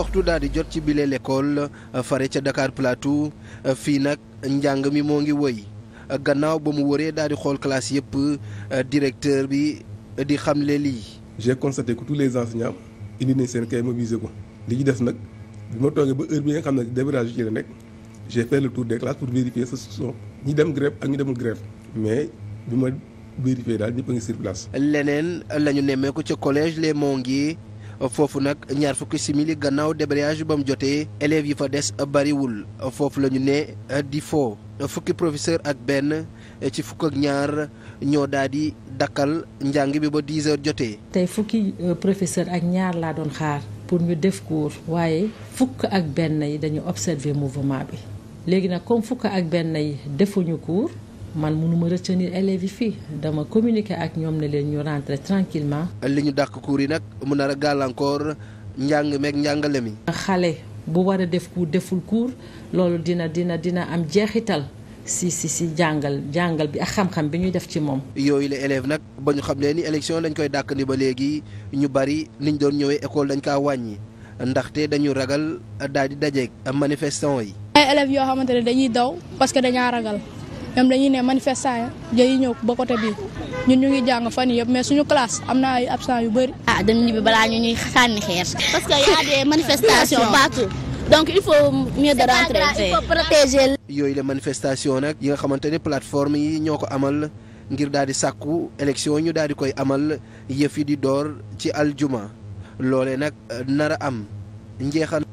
waxtu daal di jot ci bile l'école euh, fare ca dakaar Plateau euh, fii nag njàng mi moo ngi woy euh, gannaaw ba mu waree daal di xool classe yëpp directeur bi di xam xamle lii. j'ai constaté que tous les enseignants indi nañ seen kay mobilisé ko li ci des nag bi ma toogee ba heure bi nga xam ne débrayage ci la nekk j'ai fait le tour des classes pour vérifier ce sont ñi dem grève ak ñi demul grève mais bi ma vérifié daal ñëpp a ngi sur place. leneen la ñu nemmeeku ca collège les Mongi. foofu nag ñaar fukki simili gannaaw débrayage ba mu jotee élèves yi fa des bariwul foofu la ñu ne di foo fukki professeur ak benn ci fukk ak ñaar ñoo daal di dakkal njàng bi ba 10 jotee. tey fukki euh, professeur ak ñaar laa doon xaar pour ñu def cours waaye fukk ak benn yi dañu observer mouvement bi léegi nag comme fukk ak benn yi defuñu cours. man mënuma retenir élèves yi fii dama communiquer ak ñoom ne leen ñu rentrer tranquillement li ñu dàq kuur yi nag mun nar a gàllankoor njàng meeg njàngale mi. xale bu war def cours deful cours loolu dina dina dina am jeexital si si si jàngal jàngal bi ak xam-xam bi ñuy def ci moom. yooyu la élèves nag ba ñu xam leen ni élection lañ koy dàq ni ba léegi ñu bari ñu doon ñëwee école dañ kaa wàññi ndaxte dañu ragal daal di dajeeg manifestant yi. ay yoo xamante ne dañuy ñoom dañuy ne manifestant yi ñëw ba côté bii ñun ñu ngi jàng fan yëpp mais suñu classe am na ay absent yu bëri. ah dañu ñibbi balaa ñu ñuy sànni xeer. parce que y a des manifestations partout. donc il faut mieux yooyu la manifestation nag yi nga xamante ne plateforme yi ñoo ko amal ngir daal di sàkku élection ñu daal di koy amal yëf yi di door ci aljuma loole nag euh, nar a am njeexan.